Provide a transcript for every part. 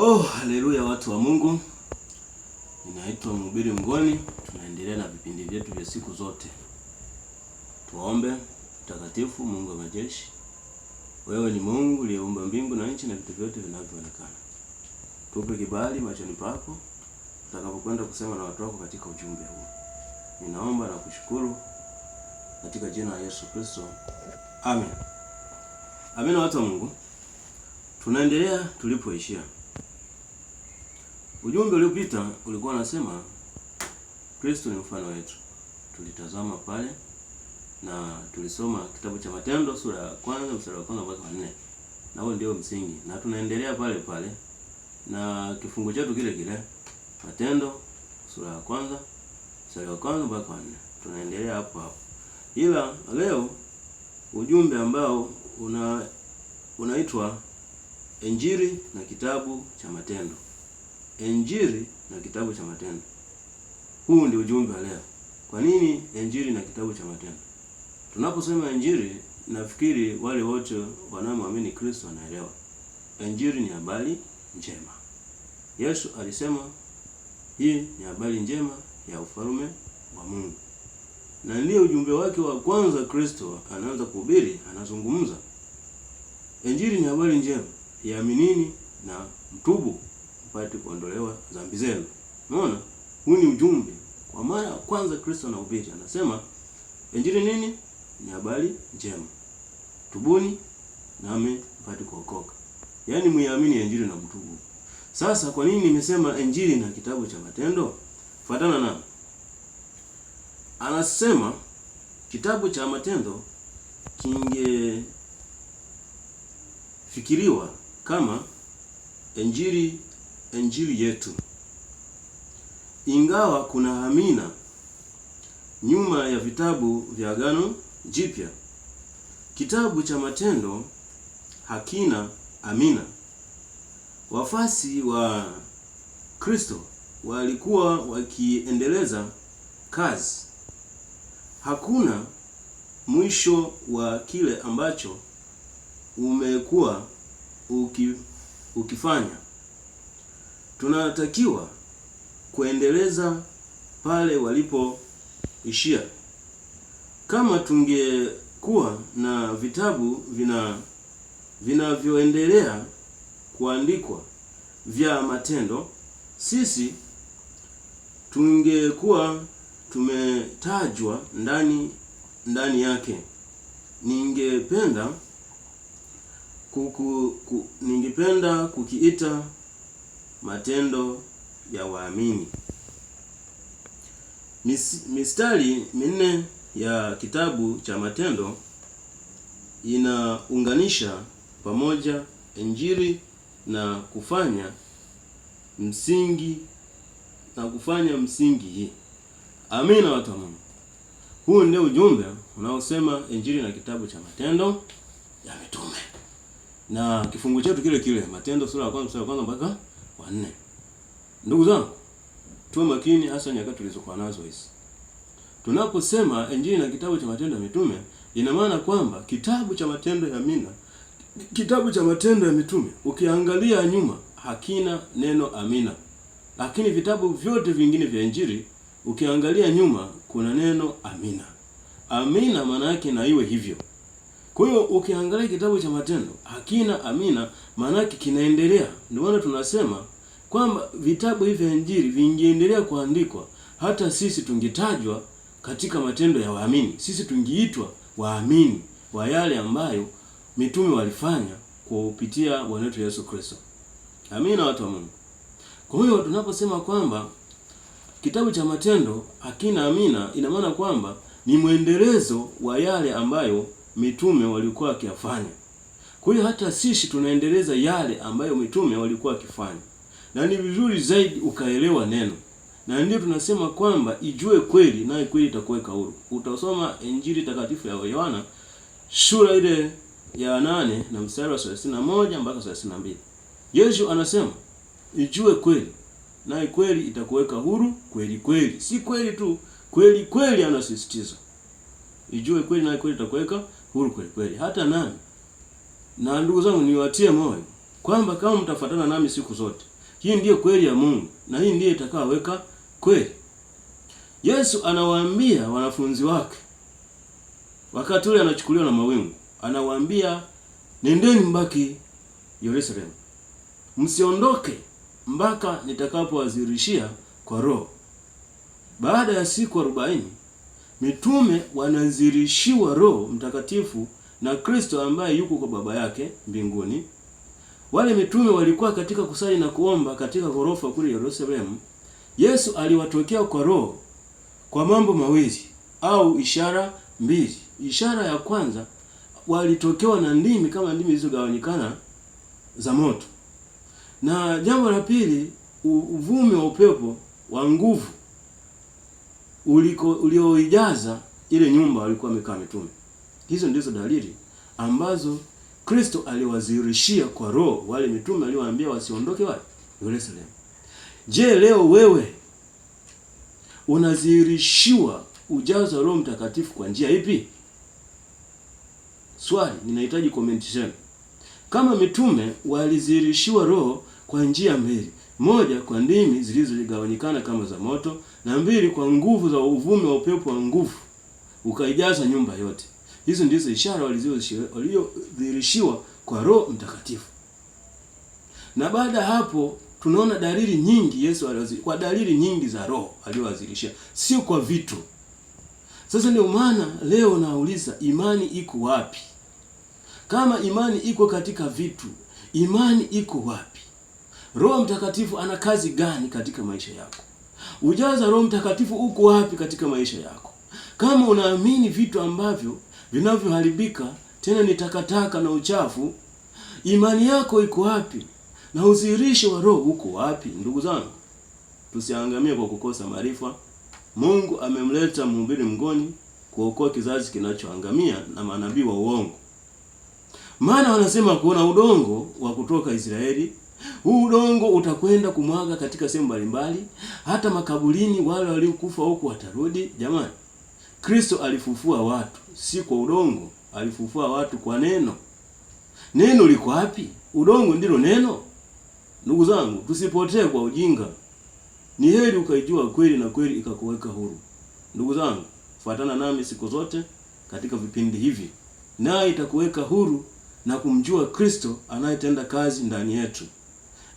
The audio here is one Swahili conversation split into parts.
Oh, haleluya watu wa Mungu. Ninaitwa Mhubiri Mngoni, tunaendelea na vipindi vyetu vya siku zote. Tuombe. Mtakatifu Mungu wa majeshi, wewe ni Mungu uliyeumba mbingu na nchi na vitu vyote vinavyoonekana. Tupe kibali machoni pako tutakapokwenda kusema na watu wako katika ujumbe huu. Ninaomba na kushukuru katika jina la Yesu Kristo. Amen. Amen watu wa Mungu. Tunaendelea tulipoishia. Ujumbe uliopita ulikuwa unasema Kristo ni mfano wetu. Tulitazama pale na tulisoma kitabu cha Matendo sura ya kwanza mstari wa kwanza mpaka nne, na huo ndio msingi, na tunaendelea pale pale na kifungu chetu kile kile, Matendo sura ya kwanza mstari wa kwanza mpaka nne. Tunaendelea hapo hapo, ila leo ujumbe ambao una unaitwa Injili na kitabu cha Matendo. Injili na kitabu cha Matendo. Huu ndio ujumbe wa leo. Kwa nini Injili na kitabu cha Matendo? Tunaposema Injili, nafikiri wale wote wanaomwamini Kristo wanaelewa Injili ni habari njema. Yesu alisema hii ni habari njema ya ufalme wa Mungu, na ndiyo ujumbe wake wa kwanza. Kristo anaanza kuhubiri, anazungumza Injili ni habari njema, yaaminini na mtubu mpate kuondolewa dhambi zenu. Unaona, huu ni ujumbe kwa mara ya kwanza Kristo anahubiri, anasema injili nini? Ni habari njema, tubuni nami mpate kuokoka. Yaani muiamini injili na mtubu. Sasa kwa nini nimesema injili na kitabu cha matendo? Fuatana na anasema kitabu cha matendo kingefikiriwa kama injili injili yetu. Ingawa kuna amina nyuma ya vitabu vya Agano Jipya, kitabu cha Matendo hakina amina. Wafasi wa Kristo walikuwa wakiendeleza kazi. Hakuna mwisho wa kile ambacho umekuwa ukifanya tunatakiwa kuendeleza pale walipoishia. Kama tungekuwa na vitabu vina vinavyoendelea kuandikwa vya matendo, sisi tungekuwa tumetajwa ndani ndani yake. Ningependa kuku, ku, ningependa kukiita matendo ya waamini. Mistari minne ya kitabu cha Matendo inaunganisha pamoja Injili na kufanya msingi na kufanya msingi hii. Amina, watu wa Mungu. Huu ndio ujumbe unaosema Injili na kitabu cha Matendo ya Mitume, na kifungu chetu kile kile, Matendo sura ya kwanza sura ya kwanza mpaka nne. Ndugu zangu, tuwe makini hasa nyakati tulizokuwa nazo hizi. Tunaposema Injili na kitabu cha Matendo ya Mitume, ina maana kwamba kitabu cha Matendo ya Mina, kitabu cha Matendo ya Mitume ukiangalia nyuma hakina neno amina, lakini vitabu vyote vingine vya Injili ukiangalia nyuma kuna neno amina. Amina maana yake na iwe hivyo. Kwa hiyo ukiangalia kitabu cha Matendo hakina amina, maanake kinaendelea. Ndio maana tunasema kwamba vitabu hivi vya Injili vingeendelea kuandikwa, hata sisi tungetajwa katika matendo ya waamini. Sisi tungeitwa waamini wa yale ambayo mitume walifanya kwa kupitia Bwana wetu Yesu Kristo. Amina, watu wa Mungu. Kwa hiyo tunaposema kwamba kitabu cha Matendo hakina amina, ina maana kwamba ni mwendelezo wa yale ambayo mitume walikuwa wakiyafanya. Kwa hiyo hata sisi tunaendeleza yale ambayo mitume walikuwa wakifanya, na ni vizuri zaidi ukaelewa neno, na ndio tunasema kwamba ijue kweli, naye kweli itakuweka huru. Utasoma Injili takatifu ya Yohana sura ile ya nane na mstari wa thelathini na moja mpaka thelathini na mbili. Yesu anasema ijue kweli, naye kweli itakuweka huru. Kweli kweli, si kweli tu, kweli kweli, anasisitiza ijue kweli, naye kweli itakuweka huru kweli kweli. Hata nami na ndugu zangu niwatie moyo kwamba kama mtafuatana nami siku zote, hii ndiyo kweli ya Mungu na hii ndiyo itakaoweka kweli. Yesu anawaambia wanafunzi wake wakati ule anachukuliwa na mawingu, anawaambia nendeni mbaki Yerusalemu, msiondoke mpaka nitakapowazirishia kwa Roho. Baada ya siku arobaini Mitume wanazirishiwa Roho Mtakatifu na Kristo ambaye yuko kwa Baba yake mbinguni. Wale mitume walikuwa katika kusali na kuomba katika ghorofa kule Yerusalemu. Yesu aliwatokea kwa Roho kwa mambo mawili au ishara mbili. Ishara ya kwanza walitokewa na ndimi kama ndimi zilizogawanyikana za moto, na jambo la pili uvumi wa upepo wa nguvu uliko ulioijaza ile nyumba walikuwa wamekaa mitume. Hizo ndizo dalili ambazo Kristo aliwazirishia kwa roho wale mitume aliwaambia wasiondoke wapi? Yerusalemu. Je, leo wewe unazirishiwa ujazo wa Roho Mtakatifu kwa njia ipi? Swali, ninahitaji comment Kama mitume walizirishiwa roho kwa njia mbili, moja kwa ndimi zilizogawanyikana kama za moto, na mbili kwa nguvu za uvumi wa upepo wa nguvu ukaijaza nyumba yote. Hizo ndizo ishara walizodhihirishiwa kwa Roho Mtakatifu. Na baada hapo tunaona dalili nyingi Yesu aliwazi, kwa dalili nyingi za Roho aliyowazilisha, sio kwa vitu. Sasa ndio maana leo nauliza, imani iko wapi? Kama imani iko katika vitu, imani iko wapi? Roho Mtakatifu ana kazi gani katika maisha yako? Ujaza Roho Mtakatifu uko wapi katika maisha yako? Kama unaamini vitu ambavyo vinavyoharibika tena ni takataka na uchafu, imani yako iko wapi? Na udhihirisho wa Roho uko wapi? Ndugu zangu, tusiangamie kwa kukosa maarifa. Mungu amemleta mhubiri mngoni kuokoa kizazi kinachoangamia na manabii wa uongo. Maana wanasema kuna udongo wa kutoka Israeli, huu udongo utakwenda kumwaga katika sehemu mbalimbali, hata makaburini, wale waliokufa huko watarudi. Jamani, Kristo alifufua watu si kwa udongo, alifufua watu kwa neno. Neno liko wapi? Udongo ndilo neno. Ndugu zangu, tusipotee kwa ujinga. Ni heri ukaijua kweli na kweli ikakuweka huru. Ndugu zangu, fuatana nami siku zote katika vipindi hivi, na itakuweka huru na kumjua Kristo anayetenda kazi ndani yetu.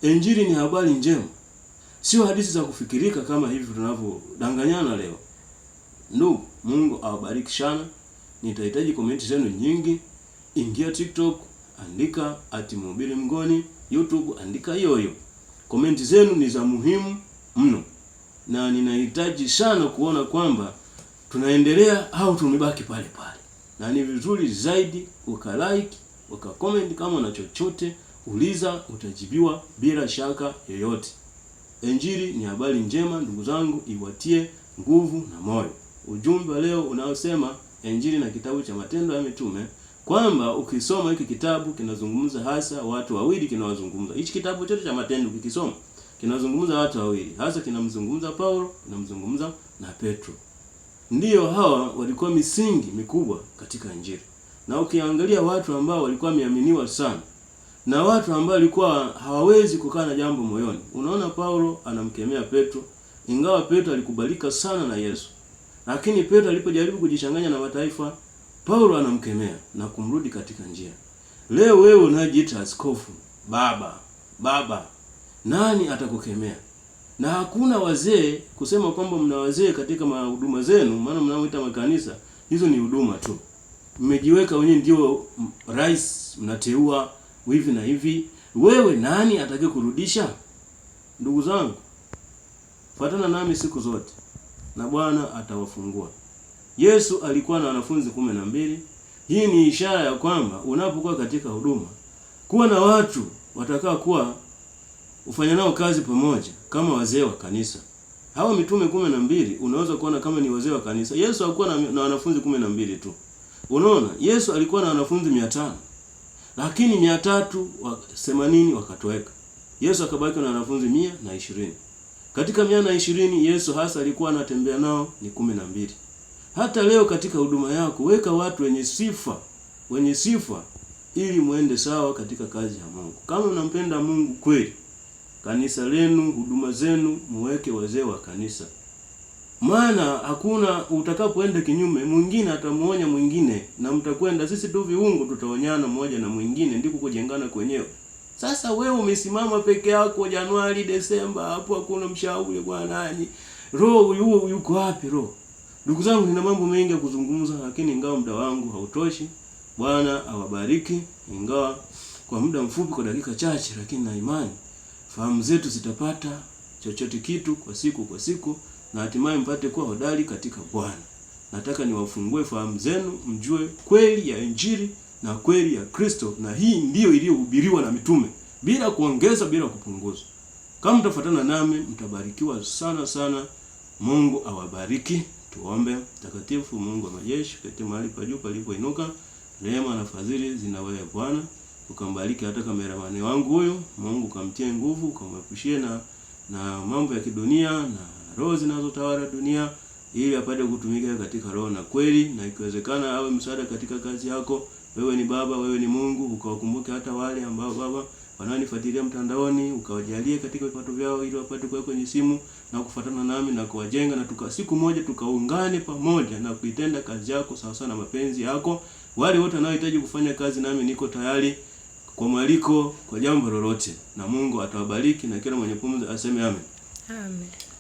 Injili ni habari njema, sio hadithi za kufikirika kama hivi tunavyodanganyana leo. Ndugu, Mungu awabariki sana. Nitahitaji komenti zenu nyingi. Ingia TikTok, andika @mhubiri mngoni, YouTube andika hiyo hiyo. Komenti zenu ni za muhimu mno, na ninahitaji sana kuona kwamba tunaendelea au tumebaki pale pale, na ni vizuri zaidi ukalike weka comment kama una chochote, uliza, utajibiwa bila shaka yoyote. Injili ni habari njema, ndugu zangu, iwatie nguvu na moyo. Ujumbe wa leo unaosema Injili na kitabu cha Matendo ya Mitume, kwamba ukisoma hiki kitabu kinazungumza hasa watu wawili, kinawazungumza hichi kitabu chote cha Matendo ukikisoma kinazungumza watu wawili, hasa kinamzungumza Paulo, kinamzungumza na Petro. Ndiyo hawa walikuwa misingi mikubwa katika Injili na ukiangalia watu ambao walikuwa wameaminiwa sana na watu ambao walikuwa hawawezi kukaa na jambo moyoni, unaona Paulo anamkemea Petro, ingawa Petro alikubalika sana na Yesu, lakini Petro alipojaribu kujichanganya na mataifa, Paulo anamkemea na kumrudi katika njia. Leo wewe unajiita askofu, baba baba, nani atakukemea? Na hakuna wazee kusema kwamba mna wazee katika huduma zenu, maana mnaoita makanisa hizo ni huduma tu mmejiweka wenyewe ndio rais, mnateua hivi na hivi. Wewe nani atake kurudisha? Ndugu zangu, fuatana nami siku zote na Bwana atawafungua. Yesu alikuwa na wanafunzi kumi na mbili. Hii ni ishara ya kwamba unapokuwa katika huduma, kuwa na watu watakao kuwa ufanya nao kazi pamoja kama wazee wa kanisa. Hawa mitume kumi na mbili unaweza kuona kama ni wazee wa kanisa. Yesu hakuwa na, na wanafunzi kumi na mbili tu. Unaona, Yesu alikuwa na wanafunzi 500. lakini 380 wakatoweka. Yesu akabaki na wanafunzi mia na ishirini. Katika mia na ishirini Yesu hasa alikuwa anatembea nao ni kumi na mbili. Hata leo katika huduma yako weka watu wenye sifa, wenye sifa ili muende sawa katika kazi ya Mungu. Kama unampenda Mungu kweli, kanisa lenu, huduma zenu, muweke wazee wa kanisa maana hakuna utakapoenda kinyume, mwingine atamuonya mwingine, na mtakwenda sisi tu viungu, tutaonyana mmoja na mwingine, ndiko kujengana kwenyewe. Sasa wewe umesimama peke yako, Januari, Desemba, hapo hakuna mshauri kwa nani roho huyo yuko wapi? Roho ndugu zangu, nina mambo mengi ya kuzungumza, lakini ingawa muda wangu hautoshi, Bwana awabariki. Ingawa kwa muda mfupi, kwa dakika chache, lakini na imani fahamu zetu zitapata chochote kitu kwa siku kwa siku na hatimaye mpate kuwa hodari katika Bwana. Nataka niwafungue fahamu zenu, mjue kweli ya Injili na kweli ya Kristo, na hii ndiyo iliyohubiriwa na mitume bila kuongeza, bila kupunguza. Kama mtafuatana nami mtabarikiwa sana sana. Mungu awabariki. Tuombe. Mtakatifu Mungu wa majeshi, kete mahali pa juu palipoinuka, rehema na fadhili zina wewe Bwana, ukambariki hata kameramani wangu huyu Mungu kamtie nguvu, ukamwepushie na na mambo ya kidunia na roho zinazotawala dunia ili apate kutumika katika roho na kweli, na ikiwezekana awe msaada katika kazi yako. Wewe ni Baba, wewe ni Mungu, ukawakumbuke hata wale ambao Baba wanaonifuatilia mtandaoni, ukawajalie katika vipato vyao, ili wapate kuwa kwenye simu na kufuatana nami na kuwajenga, na tuka siku moja tukaungane pamoja na kuitenda kazi yako sawa sawa na mapenzi yako. Wale wote wanaohitaji kufanya kazi nami, niko tayari kwa mwaliko, kwa jambo lolote, na Mungu atawabariki na kila mwenye pumzi aseme amen, amen.